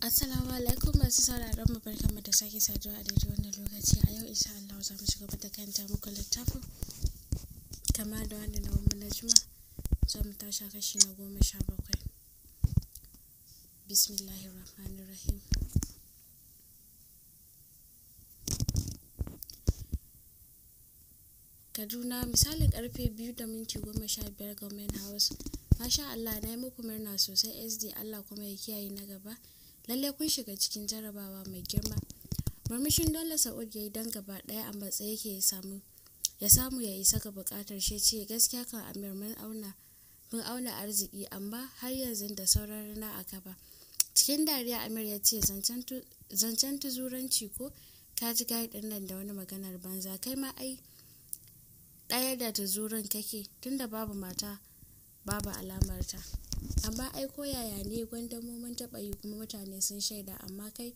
Assalamu alaikum masu sauraron mu barkanmu da sake saduwa a daidai wannan lokaci a yau insha Allah za mu shiga da kanta muku littafin kama da wannan na wani na za mu tashi kashi na goma sha bakwai bismillahirrahmanirrahim Kaduna misalin karfe biyu da minti goma sha biyar ga Main House Masha Allah na yi muku murna sosai SD Allah kuma ya kiyaye na gaba lallai kun shiga cikin jarabawa mai girma murmushin dole sa'ud ya yi don gaba ɗaya a matsayi yake ya samu ya samu ya isa ga buƙatar shi ce gaskiya kan amir mun auna mun auna arziki amma har yanzu da sauran rana a gaba cikin dariya amir ya ce zancen tuzuranci ko ka ji gaɗin nan da wani maganar banza kai ma ai ɗaya da tuzuran kake tunda babu mata babu alamarta amma ai ko yaya ne gwandamo mun taɓa yi kuma mutane sun shaida amma kai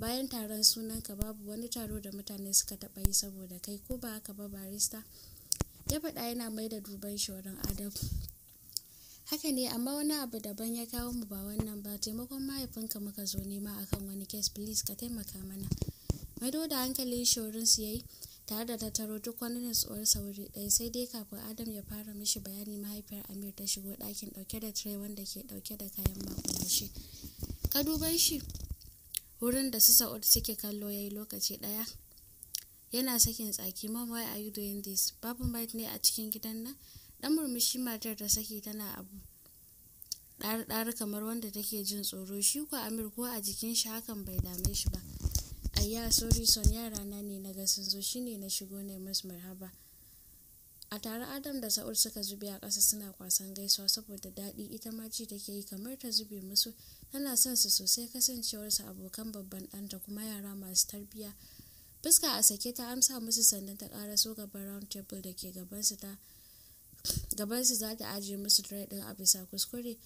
bayan taron sunanka babu wani taro da mutane suka taɓa yi saboda kai ko ba haka ba barista ya faɗa yana mai da duban shawarar adam haka ne amma wani abu daban ya kawo mu ba wannan ba taimakon mahaifinka muka zo nema akan wani kes please ka taimaka mana mai da hankalin shorin su yayi tare da tattaro duk wani natsuwarsa sauri ɗaya sai dai kafin adam ya fara mishi bayani mahaifiyar amir ta shigo ɗakin ɗauke da tire wanda ke ɗauke da kayan makonashi ka duban shi wurin da su sa'ud suke kallo yayi lokaci ɗaya yana sakin tsaki mom why are you doing this babu mai ne a cikin gidan nan dan murmushi matar da saki tana abu ɗari kamar wanda take jin tsoro shi ko amir ko a jikin shi hakan bai dame shi ba ya sorry son yara na ne na ga sun zo shine na shigo ne musu marhaba a tare adam da sa'ul suka zube a ƙasa suna kwasan gaisuwa saboda daɗi ita ma ci take yi kamar ta zube musu tana son su sosai kasancewarsa abokan babban ɗanta kuma yara masu tarbiyya fuska a sake ta amsa musu sannan ta ƙara so gaban round table da ke gabansu ta gabansu za ta ajiye musu tray ɗin a bisa kuskure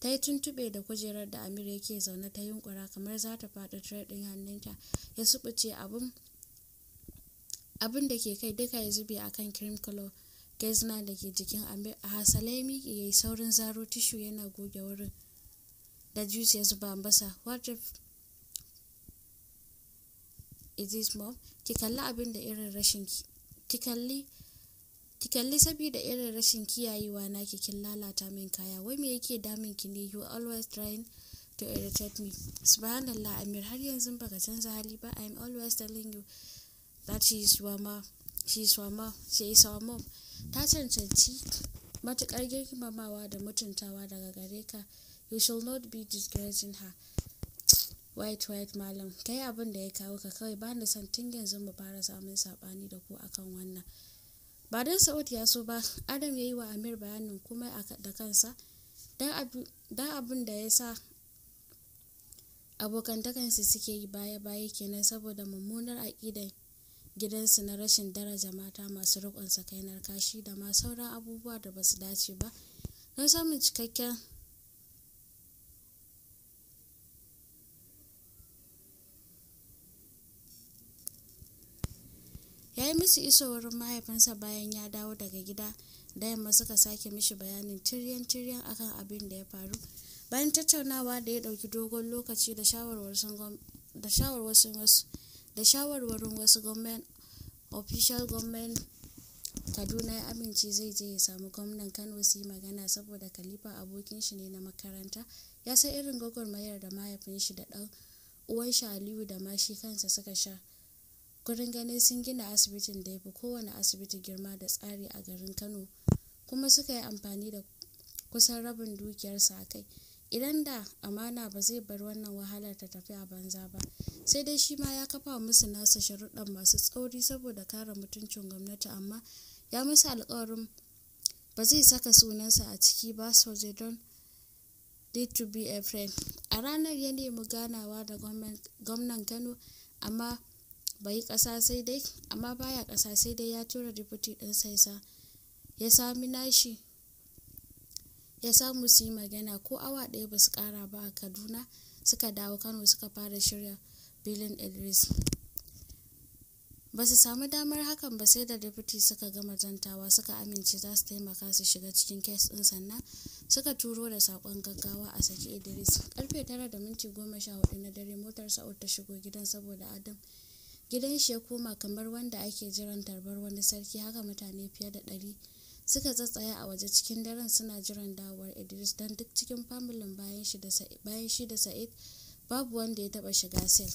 ta yi tuntuɓe da kujerar da amir yake zaune ta yunkura kamar za ta faɗi tire ɗin hannunta ya suɓuce abin da ke kai duka ya zube a kan cream color gezna da ke jikin amir a hasale ya miƙe ya yi saurin zaro tishu yana goge wurin da juice ya zuba masa what if is this mom ki kalli abin da irin rashin ki kalli ki kalli saboda irin rashin kiyayewa na kin lalata min kaya wai me yake damin ki ne you always trying to irritate me subhanallah amir har yanzu baka canza hali ba i'm always telling you that she is your mom she is your she is your mom ta cancanci matukar girmamawa da mutuntawa daga gare ka you shall not be disgracing her white white malam kai abin da ya kawo ka kawai ba na son tun yanzu mu fara samun sabani da ku akan wannan ba don sa'ud ya so ba adam ya yi wa amir bayanin kuma da kansa don abin da ya sa abokantakansu suke yi baya-baya kenan saboda mummunar aƙidar gidansu na rashin daraja mata masu riƙon sakainar kashi da ma sauran abubuwa da ba su dace ba don samun cikakken ya yi musu iso wurin mahaifinsa bayan ya dawo daga gida da yamma suka sake mishi bayanin tiryan tiryan akan abin da ya faru bayan tattaunawa da ya ɗauki dogon lokaci da shawarwarin wasu gwamnan official gwamnan kaduna ya amince zai je ya samu gwamnan kano su yi magana saboda kalifa abokin shi ne na makaranta ya san irin gwagwarmayar da mahaifin shi da ɗan uwan shi aliyu da ma shi kansa suka sha gurin ganin sun gina asibitin da ya fi kowane asibiti girma da tsari a garin kano kuma suka yi amfani da kusan rabin dukiyarsa a kai idan da amana ba zai bar wannan wahalar ta tafi a banza ba sai dai shi ma ya kafa musu nasa sharuɗan masu tsauri saboda kare mutuncin gwamnati amma ya musu alkawarin ba zai saka sunansa a ciki ba so they don't need to be a friend a ranar ya nemi ganawa da gwamnan kano amma bai ƙasa sai dai amma baya ƙasa sai dai ya tura deputy sai sa ya sami nashi ya samu su yi magana ko awa ɗaya ba su ƙara ba a kaduna suka dawo kano suka fara shirya bilin idris ba su samu damar hakan ba sai da deputy suka gama zantawa suka amince za su taimaka su shiga cikin kes ɗin sannan suka turo da sakon gaggawa a saki idris karfe tara da minti goma sha hudu na dare motar sa'o ta shigo gidan saboda adam gidan shi ya koma kamar wanda ake jiran tarbar wani sarki haka mutane fiye da ɗari suka tsatsaya a waje cikin daren suna jiran dawowar idris don duk cikin familin bayan shi da sa'id babu wanda ya taba shiga sel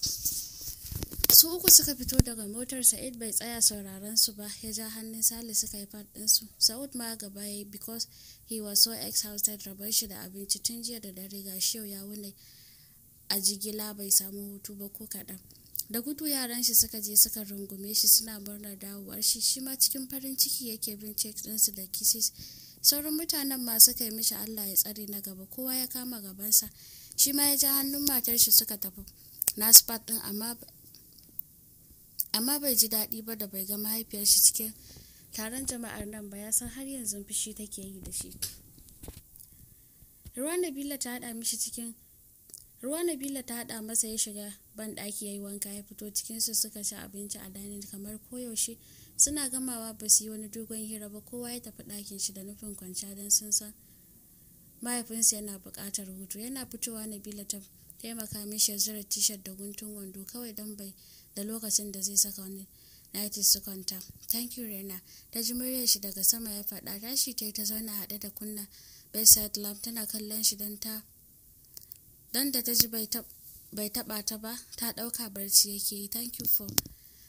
su uku suka fito daga motar sa'id bai tsaya sauraron su ba ya ja hannun sali suka yi fat su sa'ud ma gaba ya because he was so exhausted rabar shi da abinci tun jiya da dare ga yau ya wuni a jigila bai samu hutu ba ko kaɗan da gudu yaran shi suka je suka rungume shi suna murnar dawowar shi shi ma cikin farin ciki yake bin cek ɗinsu da kisis sauran mutanen ma suka yi mishi allah ya tsare na gaba kowa ya kama gabansa shi ma ya ja hannun matar shi suka tafi na spot ɗin amma bai ji daɗi ba da bai ga mahaifiyar shi cikin taron jama'ar nan ba ya san har yanzu fushi take yi da shi ruwan nabila ta haɗa mishi cikin ruwan nabila ta haɗa masa ya shiga banɗaki ya yi wanka ya fito cikinsu suka ci abinci a dining kamar koyaushe suna gamawa ba su yi wani dogon hira ba kowa ya tafi ɗakin shi da nufin kwanciya don sun san mahaifinsa yana buƙatar hutu yana fitowa na bila ta taimaka mishi ya zura tishar da guntun wando kawai don bai da lokacin da zai saka wani naiti su kwanta thank you rena ta ji muryar shi daga sama ya faɗa tashi ta yi ta zauna haɗe da kunna bedside lamp tana kallon shi don ta don da ta ji bai taɓa bai taba ta ba ta dauka barci yake yi thank you for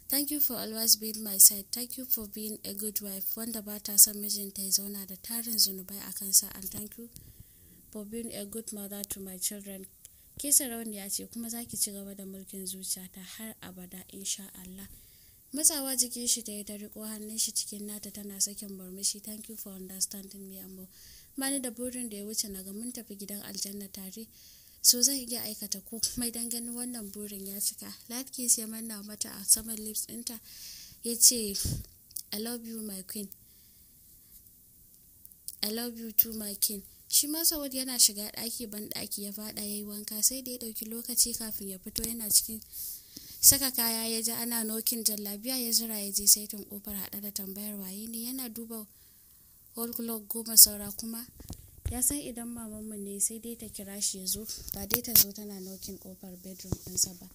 thank you for always being my side thank you for being a good wife wanda ba ta son mijinta ya zauna da tarin zunubai a kansa and thank you for being a good mother to my children ke ya ce kuma za ki ci gaba da mulkin zuciyata har abada insha Allah matsawa jikin shi ta yi ta riko hannun shi cikin nata tana sakin murmushi thank you for understanding me amma bani da burin da ya wuce na ga mun tafi gidan aljanna tare so zan iya aikata ko kuma idan ganin wannan burin ya cika latkis ya manna mata a saman lips ɗinta ya ce i love you my queen i love you too my king shi ma wadda yana shiga ɗaki ban ɗaki ya faɗa ya yi wanka sai da ya ɗauki lokaci kafin ya fito yana cikin saka kaya ya ji ana nokin jallabiya ya zira ya je saitin kofar haɗa da tambayar waye ne yana duba wall goma saura kuma ya san idan mamanmu ne sai dai ta kira shi ya zo ba dai ta zo tana nokin kofar bedroom ɗinsa ba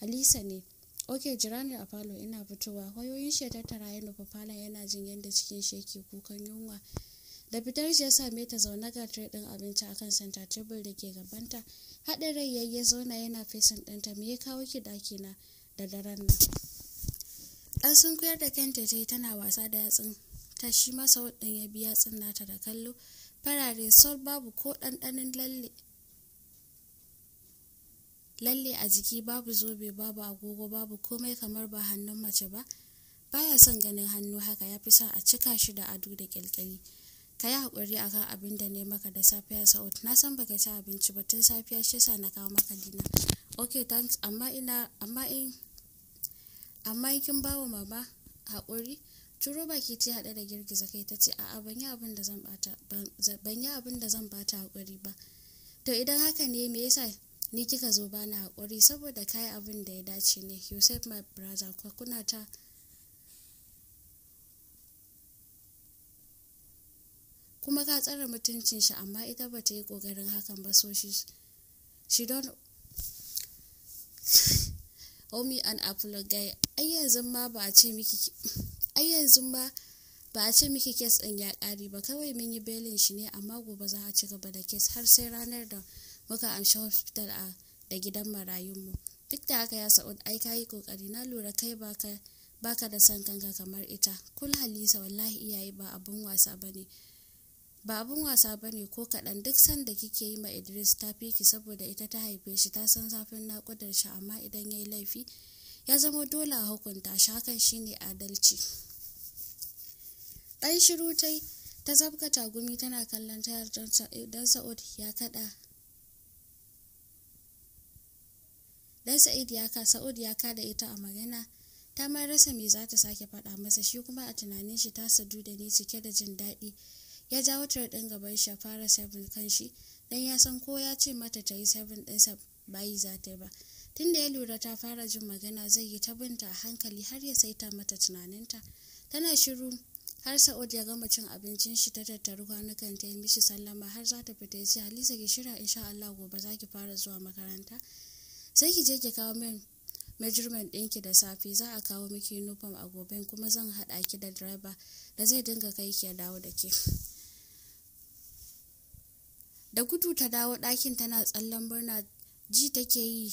halisa ne ok jira ni a falo ina fitowa wayoyin shi ya tattara ya nufi falon yana jin yadda cikin shi yake kukan yunwa da fitar shi ya same ta zaune ga tire din abinci a kan santa tebur da ke gabanta haɗin rai ya yi zauna yana fesin ɗinta me ya kawo ki daki na da daren nan ɗan sun koyar da kanta ta yi tana wasa da yatsun ta shi ma sa'ud ɗin ya biya tsinata da kallo farare sol babu ko ɗanɗanin lalle lalle a jiki babu zobe babu agogo babu komai kamar ba hannun mace ba baya son ganin hannu haka ya fi son a cika shi da ado da kyalkyali ka yi haƙuri akan abin da ne maka da safiya sa'ud na san baka ci abinci ba tun safiya shi sa na kawo maka dina ok thanks amma ina amma in amma kin bawa mama haƙuri turo baki ce haɗe da girgiza kai ta ce a'a ban yi abin da zan bata ban yi abin da zan bata haƙuri ba to idan haka ne me yasa ni kika zo bana hakuri saboda kai abin da ya dace ne you save my brother kwa kuna ta kuma ka tsara mutuncin shi amma ita ba ta yi ƙoƙarin hakan ba so shi she don omi an apologize ai yanzu ma ba a ce miki ai yanzu ba ba a ce miki kes ɗin ya ƙare ba kawai mun yi belin shi ne amma gobe za a ci gaba da kes har sai ranar da muka amshi hospital a da gidan marayunmu duk da haka ya sa'ud ai ka yi ƙoƙari na lura kai baka baka da son kanka kamar ita kul halisa wallahi iyaye ba abun wasa bane ba abun wasa bane ko kaɗan duk sanda kike yi ma idris ta fi ki saboda ita ta haife shi ta san zafin naƙudar shi amma idan ya yi laifi ya zama dole a hukunta shi hakan shine adalci ɗan shiru ta yi ta zabga tagumi tana kallon tayar don sa'ud ya kaɗa dan sa'id ya ka sa'ud ya ka da ita a magana ta ma rasa me za ta sake faɗa masa shi kuma a tunanin shi ta sadu da ne cike da jin daɗi ya ja tare ɗin gaban shi fara seven kan shi dan ya san ko ya ce mata ta yi seven ɗinsa bayi za ta ba tunda ya lura ta fara jin magana zai yi ta binta a hankali har ya saita mata tunaninta tana shiru har sa'ud ya gama cin abincin shi ta tattaru kwanukan ta yi mishi sallama har za ta fita ce halisa ki shirya insha Allah gobe za ki fara zuwa makaranta sai ki je ki kawo min measurement ɗinki da safe za a kawo miki uniform a gobe kuma zan haɗa ki da driver da zai dinga kai ki ya dawo da ke da gudu ta dawo ɗakin tana tsallen murna ji take yi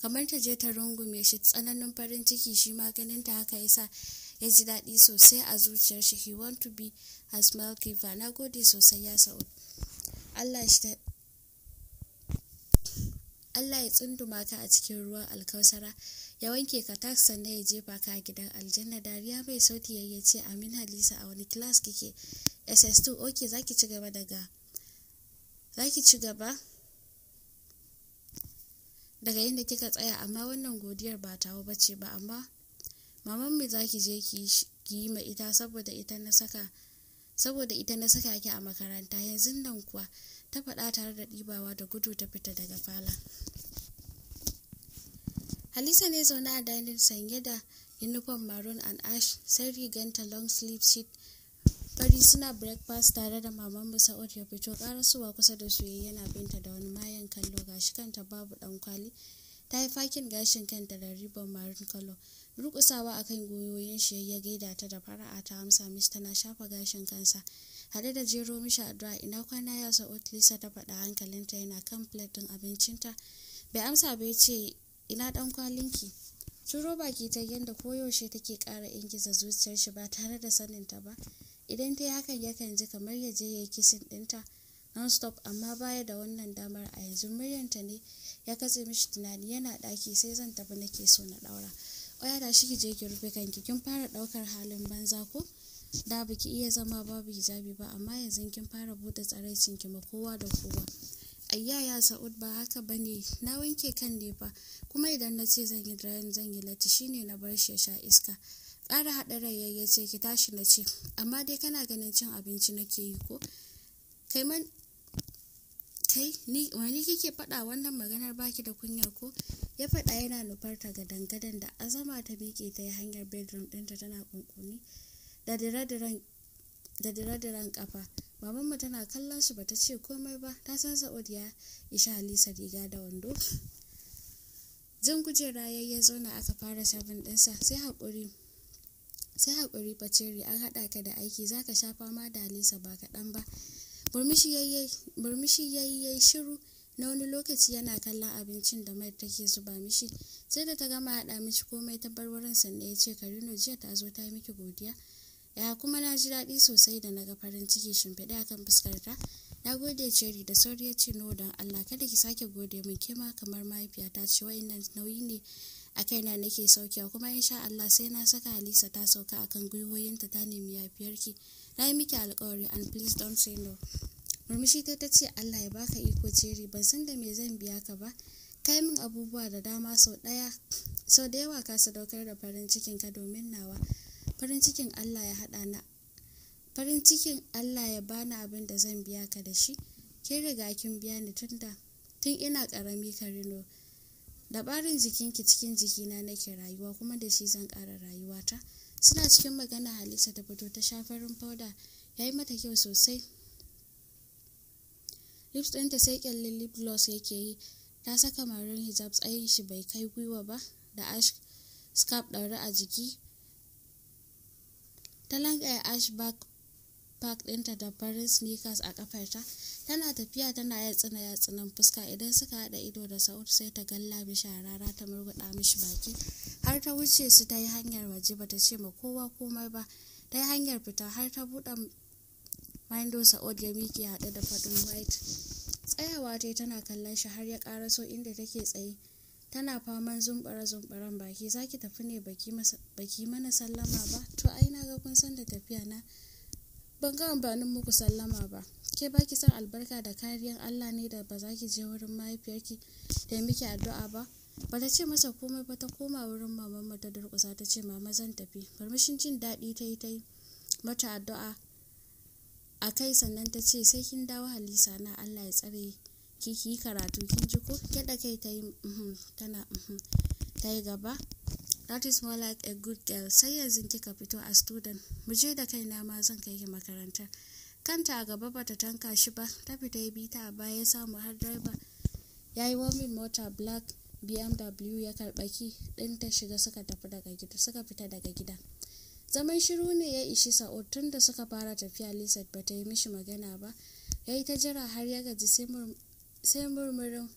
kamar ta je ta rungume shi tsananin farin ciki shi ma ganin ta haka yasa ya ji daɗi sosai a zuciyar shi he want to be a small giver na gode sosai ya sa'ud allah ya tsunduma ka a cikin ruwan alkausara ya wanke ka tax sannan ya jefa ka a gidan aljanna dariya mai sauti ya ce amin halisa a wani kilas kike ss2 ok zaki ci gaba daga zaki ci gaba daga yadda kika tsaya amma wannan godiyar ba tawo bace ba amma maman mu za ki je ki yi ma ita saboda ita na saka saboda ita na saka ki a makaranta yanzu nan kuwa ta faɗa tare da ɗibawa da gudu ta fita daga fala. halisa ne zaune a dining sanye da uniform maroon and ash sai riganta long sleeve sheet fari suna breakfast tare da maman musa sa'ud ya fito karasuwa kusa da su yana binta da wani mayan kallo gashi kanta babu dan kwali ta yi fakin gashin kanta da ribon maroon kallo rukusawa kan goyoyin shi ya gaida ta da fara'a ta amsa mishi tana shafa gashin kansa hade da jero mishi addu'a ina kwana ya sa otlisa ta faɗa hankalinta yana kan plate din abincinta bai amsa bai ce ina ɗan kwalinki turo baki ta yadda koyaushe take ƙara ingiza zuciyar shi ba tare da saninta ba idan ta yi hakan yakan ji kamar ya je ya yi kisin ɗinta non-stop amma baya da wannan damar a yanzu muryanta ne ya katse mishi tunani yana ɗaki sai zan tafi nake so na ɗaura oya da shi je ki rufe kanki kin fara daukar halin banza ko da baki iya zama babu hijabi ba amma yanzu kin fara bude tsaraicin ki ma kowa da kowa ayya ya sa'ud ba haka bane na wanke kan ne fa kuma idan na ce zan yi daren zan yi lati shine na bar shi ya sha iska Kara haɗa yayyace ce ki tashi na ce amma dai kana ganin cin abinci nake yi ko kai man kai ni wani kike faɗa wannan maganar baki da kunya ko ya faɗa yana nufar ta ga dangadan da azama ta miƙe ta yi hanyar bedroom ɗinta tana kunkuni da dire-diren kafa mamanmu tana kallon su bata ce komai ba ta san sa'ud ya isha halisa riga da wando zan kujera ya zauna aka fara sabon ɗinsa sai haƙuri sai haƙuri faceri an haɗa ka da aiki zaka sha fama da halisa ba kaɗan ba murmushi ya yi ya yi shiru na wani lokaci yana kallon abincin da mai take zuba mishi sai da ta gama haɗa mishi komai ta bar wurin sannan ya ce karino jiya ta zo ta yi miki godiya ya kuma na ji daɗi sosai da na ga farin ciki shimfiɗe a kan fuskarta na gode ceri da sauri ya ce no don allah kada ki sake gode min ma kamar mahaifiyata ce wa'innan nauyi ne a kaina nake saukewa kuma insha allah sai na saka alisa ta sauka akan gwiwoyinta ta nemi yafiyarki ki na yi miki alkawari and please don't say no murmushi ta ce allah ya baka iko jeri ban san da me zan biya ka ba kai min abubuwa da dama sau daya sau da yawa ka sadaukar da farin cikin ka domin nawa farin cikin allah ya hada na farin cikin allah ya bani abin da zan biya ka da shi ke riga kin biya ni tunda tun ina karami karino da barin jikinki cikin jikina nake rayuwa kuma da shi zan ƙara rayuwata suna cikin magana halisa da fito ta shafarin fauda ya yi mata kyau sosai lips ɗinta sai kyallin lip gloss yake yi ta saka marin hijab tsayin shi bai kai gwiwa ba da ash scarf ɗaure a jiki ta lankaya ash back pack ɗinta da farin sneakers a kafarta tana tafiya tana ya yatsinan fuska idan suka haɗa ido da sa'ud sai ta galla mishi harara ta murguɗa mishi baki har ta wuce su ta yi hanyar waje ba ta ce ma kowa komai ba ta yi hanyar fita har ta buɗe Mindo saud ya miƙe haɗe da faɗin White. Tsayawa ta tana kallon shi har ya ƙaraso inda take tsaye. Tana faman zumbara-zumbaran baki, zaki tafi ne baki mana sallama ba? To ai na ga kun san da tafiya na ban ga amfanin muku sallama ba ke baki san albarka da kariyar allah ne da ba za ki je wurin mahaifiyarki da miki addu'a ba ba ta ce masa komai ba ta koma wurin maman ta durƙusa ta ce mama zan tafi farmashin jin daɗi ta yi ta yi mata addu'a a kai sannan ta ce sai kin dawo halisa na allah ya tsare ki ki karatu kin ji ko kai ta yi uhm, tana uhm, ta yi gaba that is more like a good girl sai yanzu kika fito a student mu je da kaina ma zan kai ki makaranta kanta a gaba bata tanka shi ba ta fita ya bita ta a baya samu har driver ya yi warming mota black bmw ya karba ki din ta shiga suka tafi daga gida suka fita daga gida zaman shiru ne ya ishi sa'o tun da suka fara tafiya ba bata yi mishi magana ba ya yi ta jira har ya gaji sai murmurin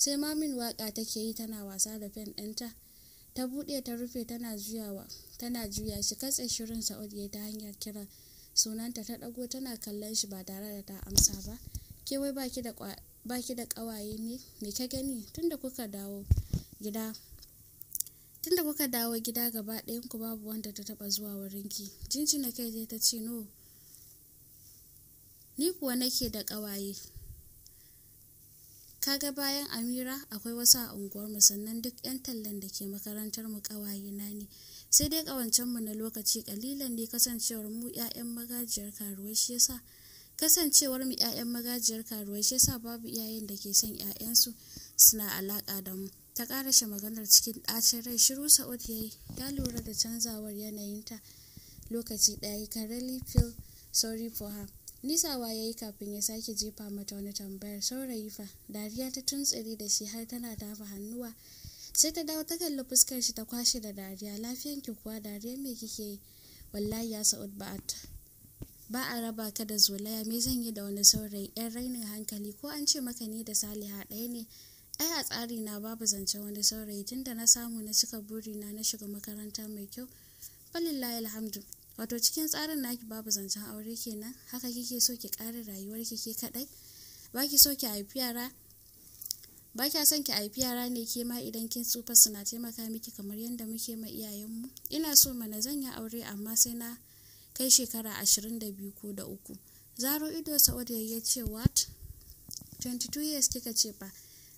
sai ma mamin waka take yi tana wasa da fen ɗinta ta buɗe ta rufe tana juyawa tana juya shi katse shirin sa'ud ya ta hanyar kiran sunanta ta ɗago tana kallon shi ba tare da ta amsa ba ke wai baki da baki ƙawaye ne me ka gani tunda kuka dawo gida kuka dawo gida gaba ɗayan ku babu wanda ta taɓa zuwa wurin ki jinjina kai dai ta ce no ni kuwa nake da ƙawaye kaga bayan amira akwai wasu a unguwarmu sannan duk 'yan tallan da ke makarantar mu ƙawayena ne sai dai mu na lokaci ƙalilan ne kasancewar mu 'ya'yan magajiyar karuwa shi yasa kasancewar mu 'ya'yan magajiyar karuwa shi yasa babu iyayen da ke son 'ya'yansu suna alaka da mu ta shi maganar cikin ɗacin rai shiru sa'ud ya yi ya lura da canzawar yanayinta lokaci ɗaya kareli really feel sorry for her Lisa ya yi kafin ya sake jefa mata wani tambayar saurayi fa dariya ta tuntsire da shi har tana dafa hannuwa sai ta dawo ta kalli fuskar shi ta kwashe da dariya lafiyan ki kuwa dariya me kike yi wallahi ya sa'ud ba ba a raba ka da zolaya me zan yi da wani saurayi yan rainin hankali ko an ce maka ni da saliha ɗaya ne ai a tsari na babu zancen wani saurayi tunda na samu na cika burina na shiga makaranta mai kyau falillahi alhamdu wato cikin tsarin naki babu zancen aure kenan haka kike so ki ƙara rayuwarki ke kaɗai ba ki so ki haifi yara ba kya son ki haifi yara ne ke ma idan kin tsufa suna taimaka miki kamar yadda muke ma iyayenmu ina so mana zan yi aure amma sai na kai shekara ashirin da biyu ko da uku zaro ido sa'ud ya ce what 22 years kika ce ba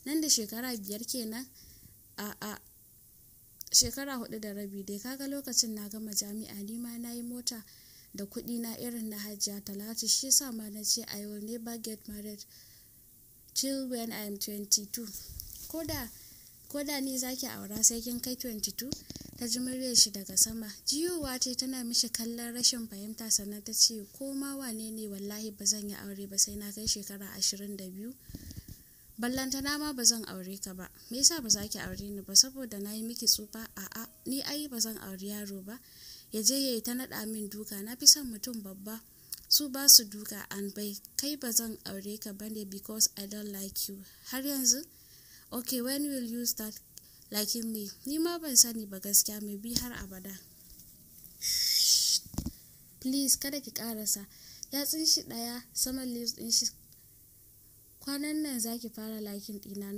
nan da shekara biyar kenan a a shekara hudu da rabi dai kaga lokacin na gama jami'a ni ma na yi mota da kudi na irin na hajiya talatu shi sa ma na ce i will never get married till when i am 22 koda koda ni zaki aura sai kin kai 22 ta ji muryar shi daga sama jiyowa ce tana mishi kallon rashin fahimta sannan ta ce ko ma wane ne wallahi ba zan yi aure ba sai na kai shekara 22 ballantana ma ba zan aure ka ba me yasa ba za ki aure ni ba saboda na yi miki tsufa a'a ni ai ba zan aure yaro ba ya je ya yi ta naɗa min duka na fi son mutum babba su ba su duka an bai kai ba zan aure ka ba ne because i don't like you har yanzu ok when will you start liking me ni ma ban sani ba gaskiya mai bi har abada please kada ki karasa yatsun shi ɗaya saman leaves din shi kwanan nan za ki fara lakin ɗina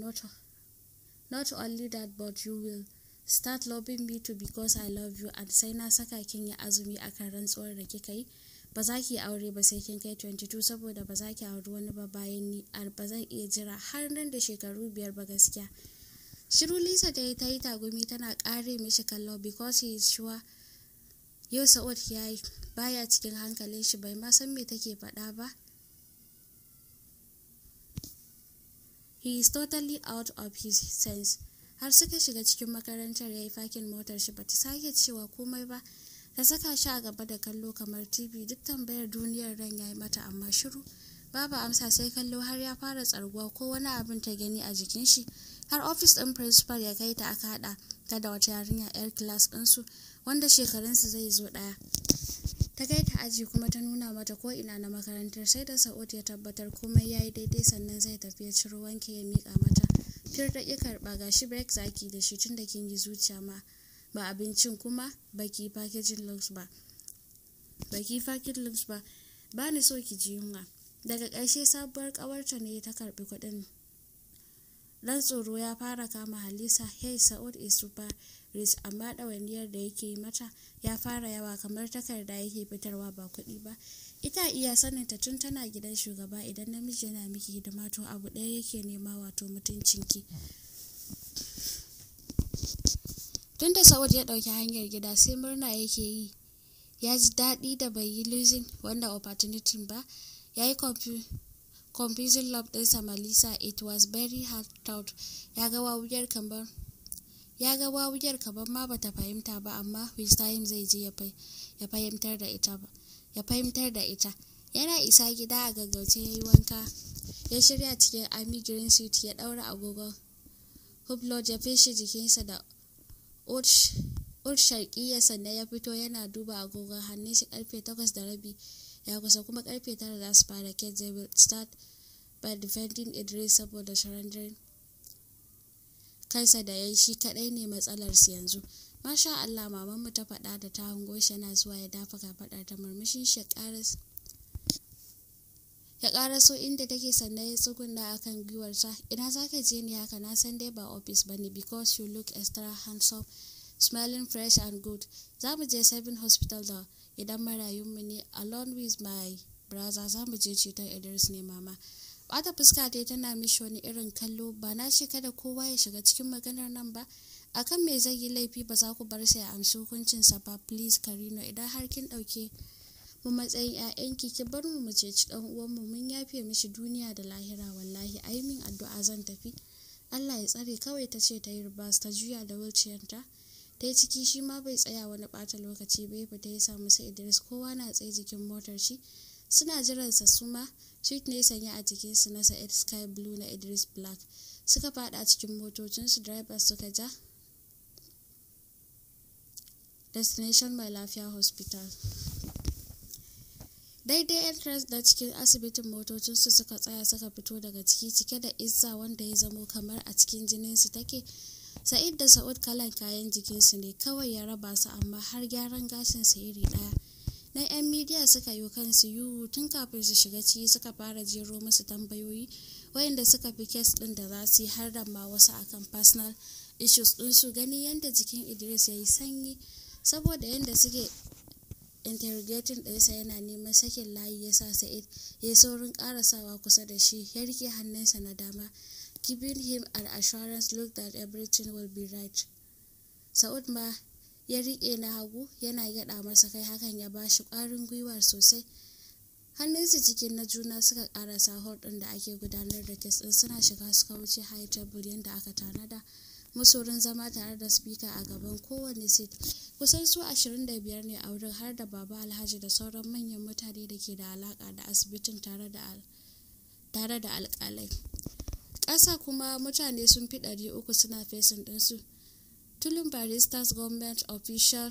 not only that but you will start loving me too because I love you and sai na saka kin yi azumi a akan rantsuwar da kika yi ba za ki aure ba sai kin kai 22 saboda ba za ki auri wani ba bayan ni ba zan iya jira har nan da shekaru biyar ba gaskiya shiru lisa da ta yi tagumi tana kare mishi kallo because he is sure yau sa'ud ya yi baya cikin hankalin shi bai ma san me take faɗa ba he is totally out of his sense har suka shiga cikin makarantar ya yi fakin motar shi ba ta sake cewa komai ba ta saka shi a gaba da kallo kamar tv duk tambayar duniyar ran ya yi mata amma shiru babu amsa sai kallo har ya fara tsarguwa ko wani abin ta gani a jikin shi har ofis ɗin principal ya kai ta aka haɗa ta da wata yarinya yar class su wanda shekarunsu zai zo ɗaya ta kai ta aji kuma ta nuna mata ko ina na makarantar sai da sa'ud ya tabbatar komai ya yi daidai sannan zai tafi ya ciro wanke ya miƙa mata fir da ƙi karɓa ga shi break zaki da shi tun da kin yi zuciya ma ba abincin kuma baki packaging looks ba baki packaging looks ba ba ni so ki ji yunwa daga ƙarshe sabuwar ƙawarta ne ta karɓi kuɗin dan tsoro ya fara kama halisa hey sa'ud is super rich amma ɗawainiyar da yake mata ya fara yawa kamar takarda yake fitarwa ba kuɗi ba ita iya sanin ta tun tana gidan shugaba idan namiji yana miki hidima to abu ɗaya yake nema wato mutuncinki tun da saboda ya ɗauki hanyar gida sai murna yake yi ya ji daɗi da bai yi losing wanda opportunity ba ya yi confusing love ɗinsa malisa it was very hard out ya ga wawuyar kamar ya ga wawuyar kamar ma bata fahimta ba amma with zai je ya fahimtar da ita ba ya fahimtar da ita yana isa gida a gaggauce ya yi wanka ya shirya cikin army green suit ya ɗaura agogon hublot ya feshe jikinsa da urshaki ya sannan ya fito yana duba agogon hannun shi karfe takwas da rabi ya kusa kuma karfe tara za su fara ket they start by defending idris saboda surrendering kansa da yayi shi kadai ne matsalarsu yanzu masha Allah maman mu ta faɗa da ta hango shi yana zuwa ya dafa kafaɗar ta murmushin shi ya karaso inda take sannan ya tsugunna a kan gwiwarta ina zaka je ni haka na san dai ba ofis bane because you look extra handsome smelling fresh and good za mu je seven hospital da idan marayun mu ne along with my brother za mu je cutar idris ne mama bata fuska dai tana mishi wani irin kallo ba na ce kada kowa ya shiga cikin maganar nan ba akan me zai yi laifi ba za ku bar sai amsu hukuncin sa ba please karino idan har kin dauke mu matsayin ƴaƴanki ki bar mu mu ceci dan mu mun yafe mishi duniya da lahira wallahi ai min addu'a zan tafi Allah ya tsare kawai ta ce ta yi ribas ta juya da wulciyarta ta yi ciki shi ma bai tsaya wani ɓata lokaci bai fita ya samu sai Idris kowa na tsaye jikin motar shi suna jiran sa suma suit ne sanya a su na sa'id sky blue na idris black suka fada a cikin motocinsu driver suka ja destination mai lafiya hospital daidai entrance da cikin asibitin motocinsu suka tsaya suka fito daga ciki cike da izza wanda ya zamo kamar a cikin jininsu take sa'id da sa'ud kalan kayan jikinsu ne kawai ya raba su amma har gyaran sa iri ɗaya na 'yan midiya suka yi kan su yiwu tun kafin su shiga ciki suka fara jero musu tambayoyi wayanda suka fi kes ɗin da za su yi har da ma wasu akan personal issues su gani yadda jikin idris ya yi sanyi saboda yadda suke interrogating ɗinsa yana neman sakin layi ya sa sa'id ya yi saurin karasawa kusa da shi ya rike hannunsa na dama giving him an assurance look that everything will be right sa'ud ma ya rike na hagu yana gaɗa masa kai hakan ya ba shi ƙwarin gwiwa sosai hannunsu cikin na juna suka kara sahur ɗin da ake gudanar da kes ɗin suna shiga suka wuce high table yadda aka tanada masorin zama tare da speaker a gaban kowane seat kusan su 25 ne a wurin har da baba alhaji da sauran manyan mutane da ke da alaƙa da asibitin tare da alƙalai. ƙasa kuma mutane sun fi 300 suna fesin ɗinsu Tulum Baristas Government Official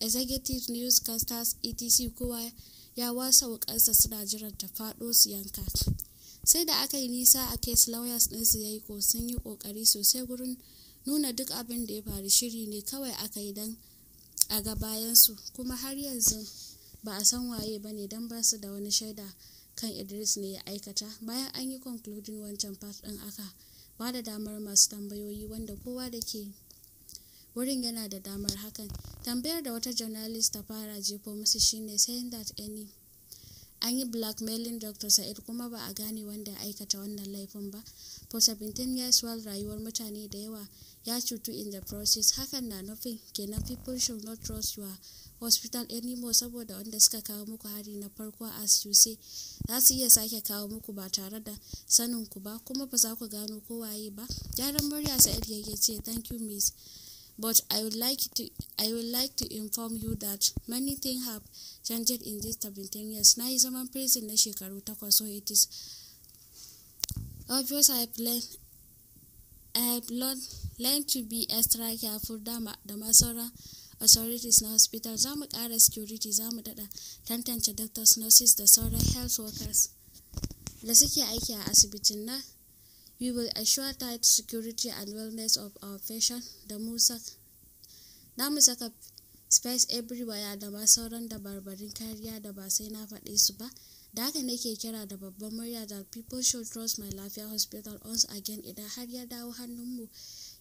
Executive Newscasters ETC kowa ya wasa wakansa suna jiran ta faɗo su yanka. Sai da aka yi nisa a case lawyers ɗinsu ya yi ko sun yi ƙoƙari sosai gurin nuna duk abin da ya faru shiri ne kawai aka yi don a ga bayansu kuma har yanzu ba a san waye ba ne don ba su da wani shaida kan Idris ne ya aikata bayan an yi concluding wancan part ɗin aka. ba da damar masu tambayoyi wanda kowa da ke wurin yana da damar hakan tambayar da wata journalist ta fara jefo musu shine saying that any an yi blackmailing dr sa'id kuma ba a gane wanda ya aikata wannan laifin ba for 17 years while rayuwar mutane da yawa ya cutu in the process hakan na nufin kenan people should not trust your hospital anymore saboda wanda suka kawo muku hari na farko as you say za su iya sake kawo muku ba tare da sanin ku ba kuma ba za ku gano kowaye ba yaran murya sa'id ya ce thank you miss but I would like to like to inform you that many things have changed in these 17 years. Na yi zaman prison na shekaru takwas so it is obvious I have learned I have learned, to be extra careful da ma authorities na hospital za mu kara security za mu dada tantance doctors nurses da sauran health workers da suke aiki a asibitin na we will assure tight security and wellness of our patient da musa na mu saka space everywhere da ma sauran dabarbarin kariya da ba sai na faɗe su ba da haka nake kira da babban murya da people should trust my lafiya hospital once again idan har ya dawo hannunmu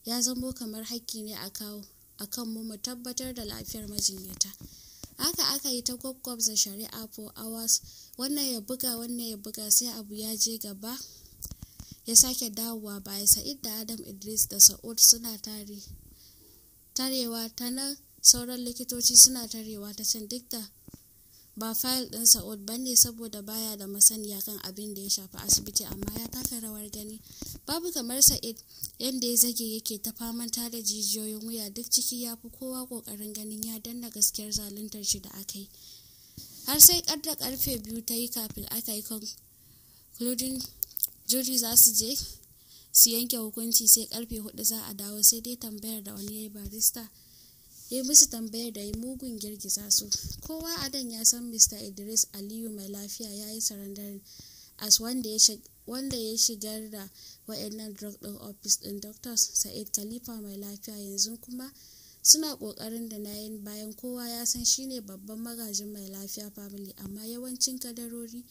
ya zamo kamar hakki ne a kawo a kanmu mu tabbatar da lafiyar majinyata haka aka yi ta da shari'a for hours wannan ya buga wannan ya buga sai abu ya je gaba ya sake dawowa baya sa'id da adam idris da sa'ud suna tarewa ta nan sauran likitoci suna tarewa ta can duk da ba fayil ɗin sa'ud ba ne saboda baya da masaniya kan abin da ya shafi asibiti amma ya taka rawar gani babu kamar sa'id yadda ya zage yake ta faman da jijiyoyin wuya duk ciki ya fi kowa ƙoƙarin ganin ya danna gaskiyar zaluntar shi da aka yi har sai da ƙarfe biyu ta yi kafin aka yi kan juri za su je su yanke hukunci sai ƙarfe hudu za a dawo sai dai tambayar da wani ya yi barista ya musu tambayar da yi mugun girgiza su kowa a dan ya san mr idris aliyu mai lafiya ya yi sarandar as wanda ya shigar da wa'annan drug din office din doctors sa'id khalifa mai lafiya yanzu kuma suna kokarin da nayin bayan kowa ya san shine babban magajin mai lafiya family amma yawancin kadarori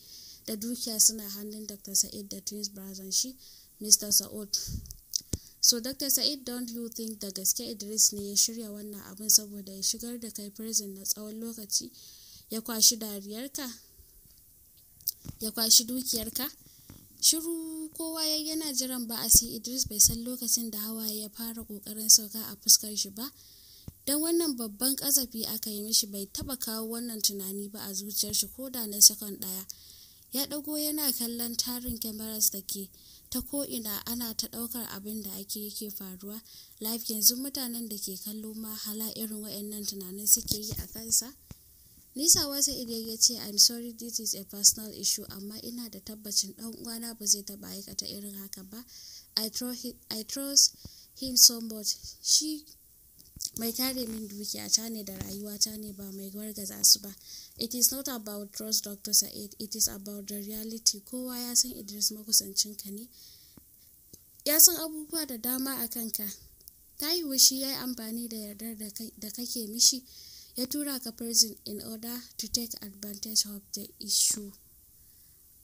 da dukiya suna hannun dr sa'id da twins brazan shi mr sa'ud so dr sa'id don't you think da gaske idris ne ya shirya wannan abin saboda ya shigar da kai prison na tsawon lokaci ya kwashi dariyarka ya kwashi dukiyarka shiru kowa ya yana jiran ba a sai idris bai san lokacin da hawa ya fara kokarin sauka a fuskar shi ba don wannan babban kazafi aka yi mishi bai taba kawo wannan tunani ba a zuciyar shi ko da na sakon daya ya dago yana kallon tarin kamaras da ke ta ko'ina ana ta ɗaukar abin da ake yake faruwa live yanzu mutanen da ke kallo ma hala irin wa'annan tunanin suke yi a kansa nisa wata idan ya ce i'm sorry this is a personal issue amma ina da tabbacin ɗan uwana ba zai taɓa aikata irin haka ba i trust him so much shi mai kare min dukiya ta ne da rayuwa ta ne ba mai gwargaza su ba It is not about trust Dr. Sa'id, it is about the reality. Kowa ya san Idris makusancinka ne. Ya san abubuwa da dama a kanka. Ta yi wushi ya yi amfani da yardar da kake mishi ya tura ka prison in order to take advantage of the issue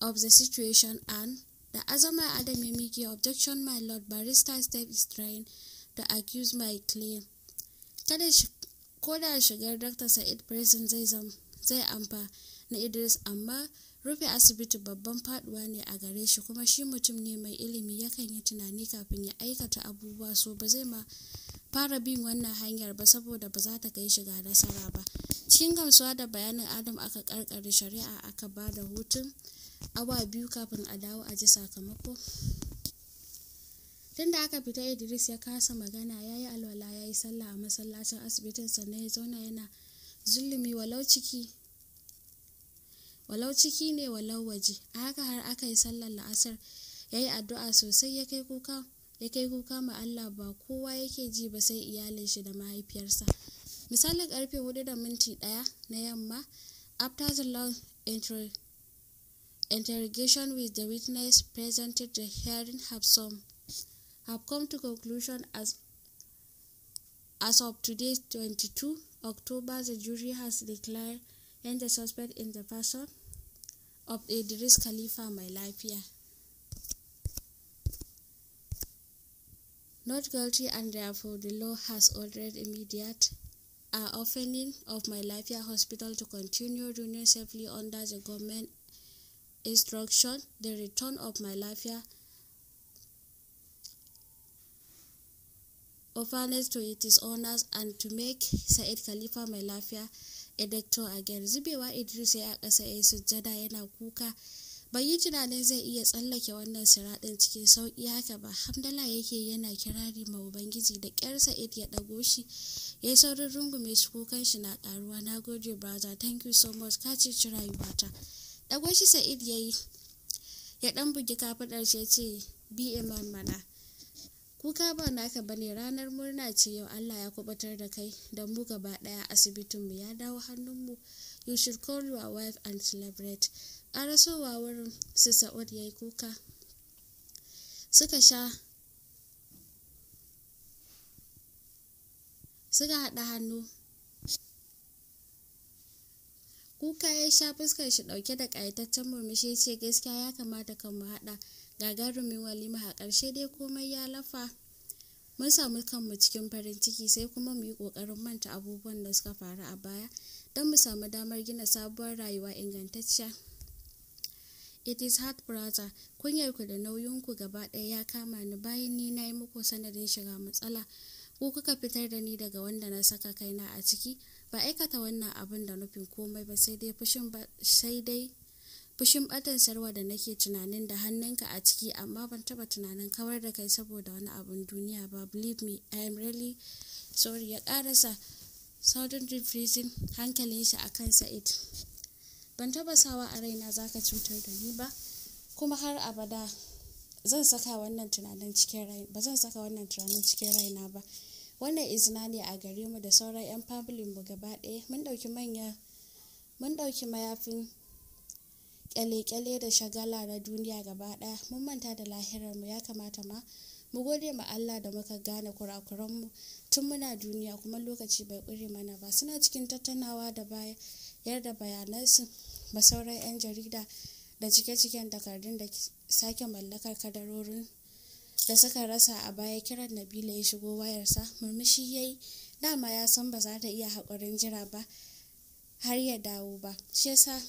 of the situation and da azama adam ya miki objection my lord barrister step is trying to accuse my claim kada koda shigar dr sa'id prison zai zama zai amfa na idris amma rufe asibiti babban faduwa ne a gare shi kuma shi mutum ne mai ilimi yakan yi tunani kafin ya aikata abubuwa so ba zai ma fara bin wannan hanyar ba saboda ba za ta kai shiga nasara ba cikin gamsuwa da bayanin adam aka karkare shari'a aka ba da hutun awa biyu kafin a dawo a ji sakamako tun da aka fita idris ya kasa magana ya yi alwala ya yi sallah a masallacin asibitin sannan ya zauna yana zulumi walau ciki walau ciki ne walau waje a haka har aka yi sallar la'asar ya yi addu'a sosai ya kai kuka ya kai kuka ma Allah ba kowa yake ji ba sai iyalin shi da mahaifiyarsa misalin karfe hudu da minti ɗaya na yamma after the long interrogation with the witness presented the hearing have some have come to conclusion as as of today 22 October, the jury has declared and the suspect in the person of Idris Khalifa life here, Not guilty and therefore the law has ordered immediate uh, opening of my here Hospital to continue running safely under the government instruction. The return of my here. of to its owners and to make Sa'id Khalifa mai lafiya a again. Zubewa Idris ya ƙasa ya sujjada yana kuka. Bai yi tunanin zai iya tsallake wannan siraɗin cikin sauƙi haka ba. Hamdala yake yana kirari ma Ubangiji da ƙyar Sa'id ya ɗago shi. Ya yi saurin rungume shi kukan shi na ƙaruwa. Na gode brother. Thank you so much. Ka ce ci rayuwata. Ɗago shi Sa'id ya yi. Ya ɗan bugi kafaɗar shi ya ce be a man mana. kuka ba naka bane ranar murna ce yau allah ya kubatar da kai da mu gaba daya asibitin mu ya dawo hannunmu you should call your wife and celebrate arasowa wurin su sa'ud yayi kuka suka sha suka haɗa hannu kuka ya sha fuskar shi ɗauke da ƙayataccen murmushi ce gaskiya ya kamata kan mu haɗa gagarumin walima a ƙarshe dai komai ya lafa mun samu kanmu cikin farin ciki sai kuma mu yi ƙoƙarin manta abubuwan da suka faru a baya don mu samu damar gina sabuwar rayuwa ingantacciya it is hard brother kunyarku da nauyinku gaba ɗaya ya kama ni bayan ni na yi muku sanadin shiga matsala ko kuka fitar da ni daga wanda na saka kaina a ciki ba aikata wannan abin da nufin komai ba sai dai fushin ba sai dai fushin batan sarwa da nake tunanin da hannunka a ciki amma ban taba tunanin kawar da kai saboda wani abun duniya ba believe me i really sorry ya karasa southern refreezing hankalin shi akan sa'id ban taba sawa a raina zaka cutar da ni ba kuma har abada zan saka wannan tunanin cikin rai ba zan saka wannan tunanin cikin raina ba wannan izina ne a gare mu da sauran yan family mu gaba ɗaya mun dauki manya mun ɗauki mayafin kyale-kyale da shagala na duniya gaba ɗaya mun manta da lahirarmu ya kamata ma mu gode ma Allah da muka gane kurakuranmu tun muna duniya kuma lokaci bai ƙure mana ba suna cikin tattaunawa da bayar da bayanansu ba sauran 'yan jarida da cike-ciken takardun da sake mallakar kadarorin da suka rasa a baya kiran nabila ya shigo wayarsa murmushi ya yi dama ya san ba za ta iya haƙurin jira ba har ya dawo ba shi yasa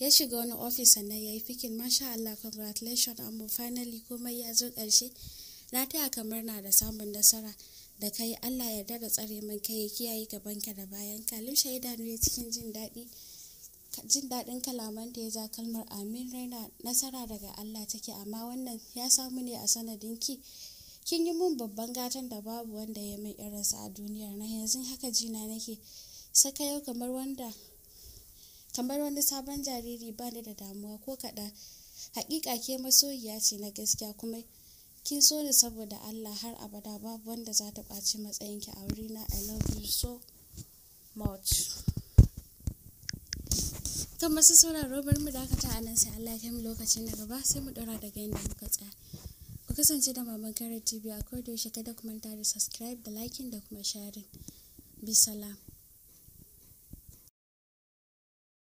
ya shiga wani ofis sannan ya yi fikin masha Allah congratulation amma finally komai ya zo ƙarshe na taya kamar na da samun nasara da kai Allah ya da tsare man kai ya kiyaye gabanka da bayan kalin shaida ne cikin jin daɗi jin daɗin kalaman da ya za kalmar amin raina nasara daga Allah take amma wannan ya samu ne a sanadin ki kin yi mun babban gatan da babu wanda ya min irinsa a duniyar na yanzu haka jina nake saka kamar wanda kamar wani sabon jariri ba ni da damuwa ko kaɗan hakika ke masoyiya ce na gaskiya kuma kin so ni saboda allah har abada babu wanda za ta matsayin matsayinki a na i love you so much to masu sauraro bar mu dakata a nan sai allah ya kai mu lokacin da gaba sai mu ɗora daga inda muka tsaya ku kasance da maman kare tv a kodayaushe kada ku manta da subscribe da liking da kuma sharing bisalam